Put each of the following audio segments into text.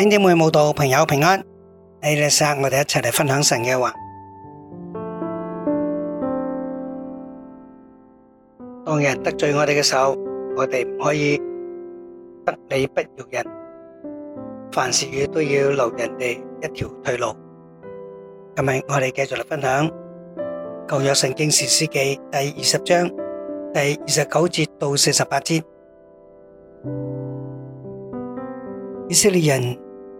弟兄姊妹、舞蹈朋友平安，喺呢生我哋一齊嚟分享神嘅話。當人得罪我哋嘅時候，我哋唔可以得理不饒人，凡事都要留人哋一條退路。今日我哋繼續嚟分享舊約聖經士師記第二十章第二十九節到四十八節，以色列人。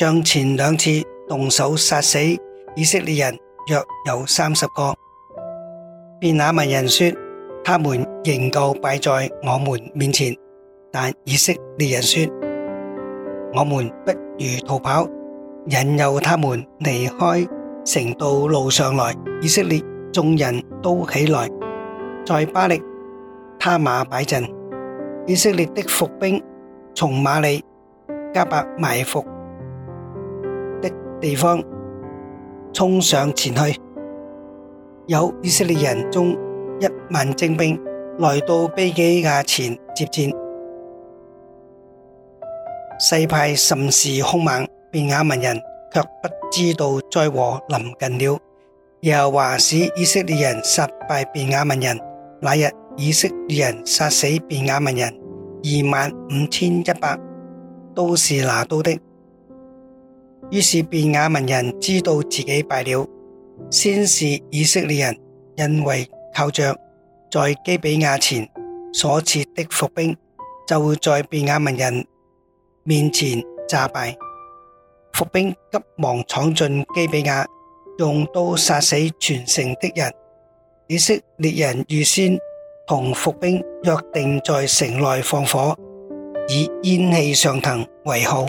像前兩次動手殺死以色列人約有三十個，便雅憫人說：他們仍舊敗在我們面前。但以色列人說：我們不如逃跑，引誘他們離開城到路上來。以色列眾人都起來，在巴力他瑪擺陣。以色列的伏兵從馬利迦巴埋伏。地方沖上前去，有以色列人中一萬精兵來到比基亞前接戰，世派甚是兇猛，便雅文人卻不知道災禍臨近了，耶和華使以色列人殺敗便雅文人，那日以色列人殺死便雅文人二萬五千一百，25, 100，都是拿刀的。於是便雅憫人知道自己敗了，先是以色列人認為靠着在基比亞前所設的伏兵，就會在便雅憫人面前詐敗。伏兵急忙闖進基比亞，用刀殺死全城的人。以色列人預先同伏兵約定在城內放火，以煙氣上騰為號。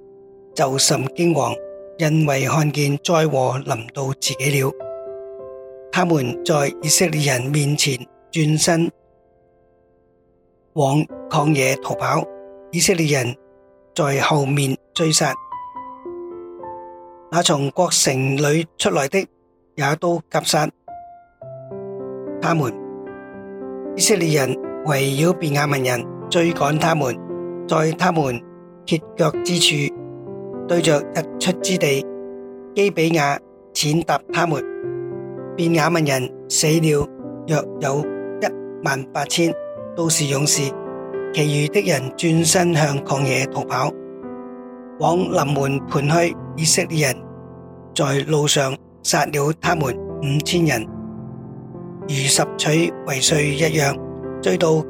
就甚驚惶，因為看見災禍臨到自己了。他們在以色列人面前轉身，往曠野逃跑。以色列人在後面追殺，那從國城裡出來的也都急殺他們。以色列人圍繞便雅憫人追趕他們，在他們歇腳之處。對着日出之地基比亞，踐踏他們，便雅憫人死了，約有一萬八千，都是勇士，其餘的人轉身向曠野逃跑，往臨門磐去，以色列人在路上殺了他們五千人，如拾取遺穗一樣，追到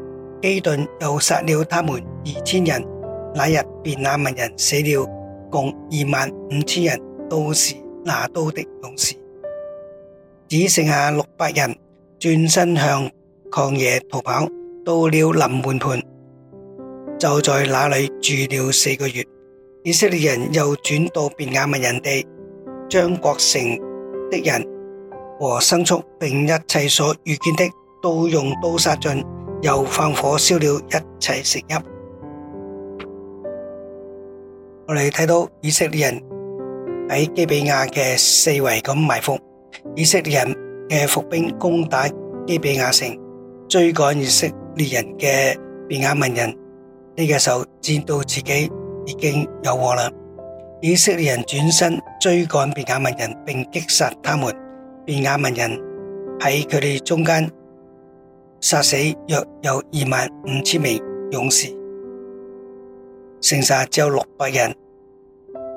基頓又殺了他們二千人，那日便雅憫人死了。共二萬五千人，都是拿刀的勇士，只剩下六百人轉身向曠野逃跑。到了臨門磐，就在那裏住了四個月。以色列人又轉到便雅憫人地，將各城的人和牲畜，並一切所遇見的，都用刀殺盡，又放火燒了一切食邑。我哋睇到以色列人喺基比亞嘅四圍咁埋伏，以色列人嘅伏兵攻打基比亞城，追趕以色列人嘅便雅憫人，呢個時候知道自己已經有禍啦。以色列人轉身追趕便雅憫人，並擊殺他們。便雅憫人喺佢哋中間殺死約有二萬五千名勇士，剩下只有六百人。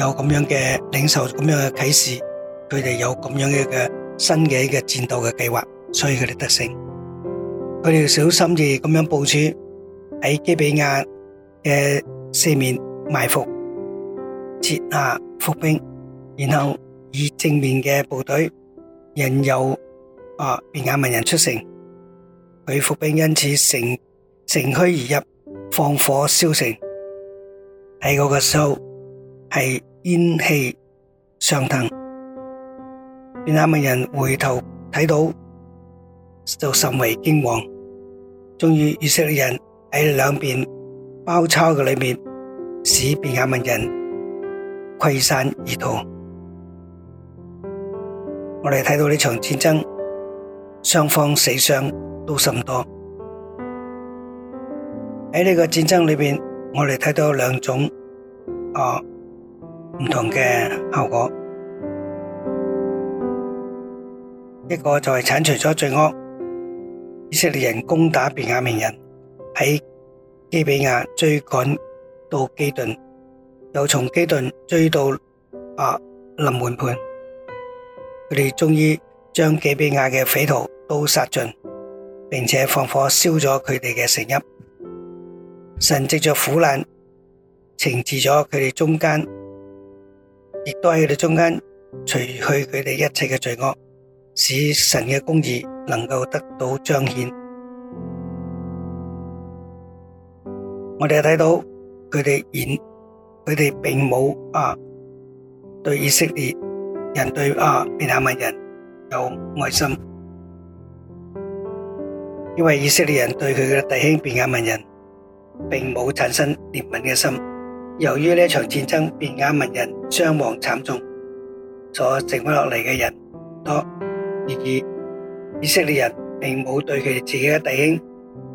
有咁樣嘅領袖，咁樣嘅啟示，佢哋有咁樣一個新嘅一個戰鬥嘅計劃，所以佢哋得勝。佢哋小心翼翼咁樣部署喺基比亞嘅四面埋伏，設下伏兵，然後以正面嘅部隊引誘啊便雅憫人出城，佢伏兵因此乘乘虛而入，放火燒城。喺嗰個時候係。煙氣上騰，便雅憫人回頭睇到就甚為驚惶，終於以色列人喺兩邊包抄嘅裏面，使便雅憫人潰散而逃。我哋睇到呢場戰爭，雙方死傷都甚多。喺呢個戰爭裏邊，我哋睇到兩種，哦、啊。唔同嘅效果，一個就係鏟除咗罪惡。以色列人攻打便雅憫人，喺基比亞追趕到基頓，又從基頓追到阿臨門磐，佢哋終於將基比亞嘅匪徒都殺盡，並且放火燒咗佢哋嘅城邑。神藉着苦難懲治咗佢哋中間。亦都喺佢哋中間除去佢哋一切嘅罪惡，使神嘅公義能夠得到彰顯。我哋又睇到佢哋演，佢哋並冇啊對以色列人對啊便雅憫人有愛心，因為以色列人對佢嘅弟兄便雅憫人並冇產生憐憫嘅心。由於呢一場戰爭，便雅憫人傷亡慘重，所剩返落嚟嘅人多，而以以色列人並冇對佢哋自己嘅弟兄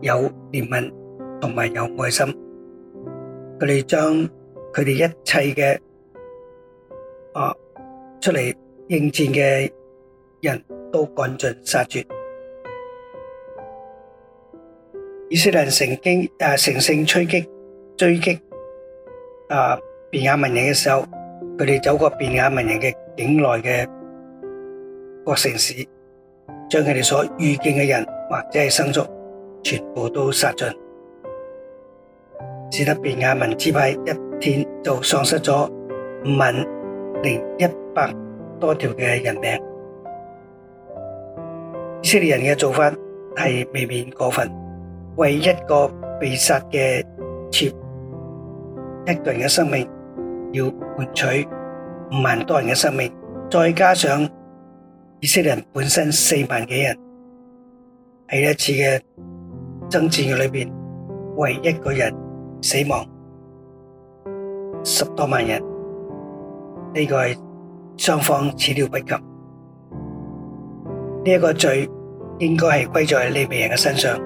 有憐憫同埋有愛心，佢哋將佢哋一切嘅啊出嚟應戰嘅人都趕盡殺絕，以色列人乘機啊乘勝追擊追擊。啊！便雅文人嘅時候，佢哋走過便雅憫人嘅境內嘅各城市，將佢哋所遇見嘅人或者係牲畜全部都殺盡，使得便雅憫支派一天就喪失咗五萬零一百多條嘅人命。以色列人嘅做法係未免過分，為一個被殺嘅妾，一個人嘅生命要換取五萬多人嘅生命，再加上以色列人本身四萬幾人喺一次嘅爭戰嘅裏邊，為一個人死亡，十多萬人，呢個係雙方始料不及。呢一個罪應該係歸在利未人嘅身上，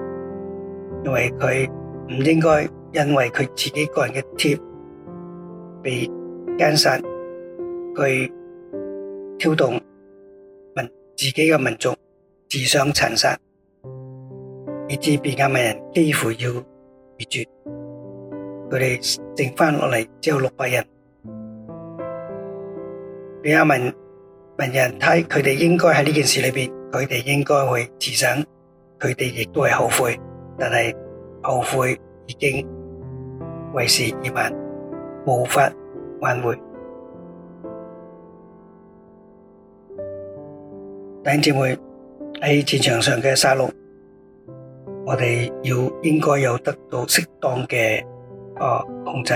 因為佢唔應該因為佢自己個人嘅貼。被姦殺，佢挑動民自己嘅民族自相殘殺，以致便雅憫人幾乎要滅絕，佢哋剩返落嚟只有六百人。便雅憫，便雅憫人睇佢哋應該喺呢件事裏邊，佢哋應該會自省，佢哋亦都係後悔，但係後悔已經為時已晚。無法挽回。弟兄姊妹喺戰場上嘅殺戮，我哋要應該有得到適當嘅啊控制。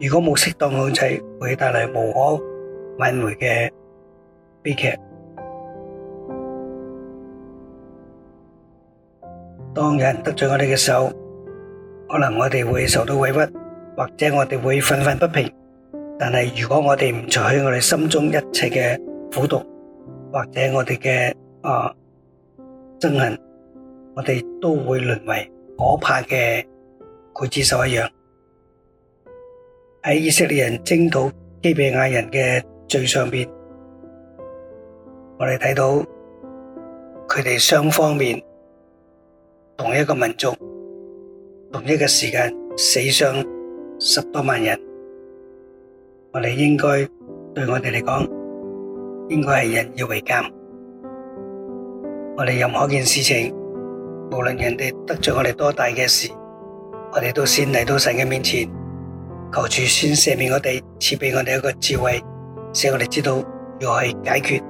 如果冇適當控制，會帶嚟無可挽回嘅悲劇。當有人得罪我哋嘅時候，可能我哋會受到委屈。或者我哋會憤憤不平，但係如果我哋唔除去我哋心中一切嘅苦毒，或者我哋嘅啊憎恨，我哋都會淪為可怕嘅劊子手一樣。喺以色列人征討基比亞人嘅罪上面，我哋睇到，佢哋雙方面同一個民族、同一個時間死傷。十多萬人，我哋應該對我哋嚟講，應該係引以為鑑。我哋任何件事情，無論人哋得罪我哋多大嘅事，我哋都先嚟到神嘅面前求主先赦免我哋，賜俾我哋一個智慧，使我哋知道要去解決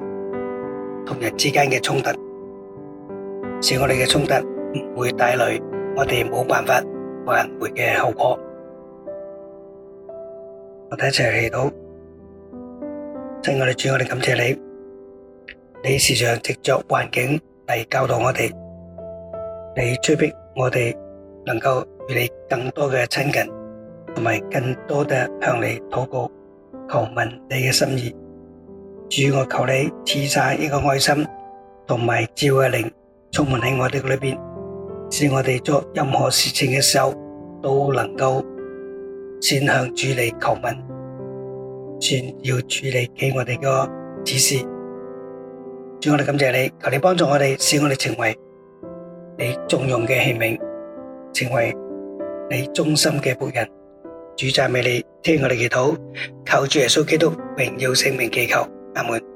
同人之間嘅衝突，使我哋嘅衝突唔會帶來我哋冇辦法挽回嘅後果。我哋一齊祈禱，謝我哋主，我哋感謝你，你時常藉着環境嚟教導我哋，你催逼我哋能夠與你更多嘅親近，同埋更多嘅向你禱告、求問你嘅心意。主，我求你賜下呢個愛心，同埋照嘅靈充滿喺我哋裏面，使我哋做任何事情嘅時候都能夠。先向主嚟求問，先要主嚟俾我哋個指示。主，我哋感謝你，求你幫助我哋，使我哋成為你重用嘅器皿，成為你忠心嘅僕人。主，讚美你，聽我哋祈禱，求主耶穌基督榮耀聖名，祈求阿門。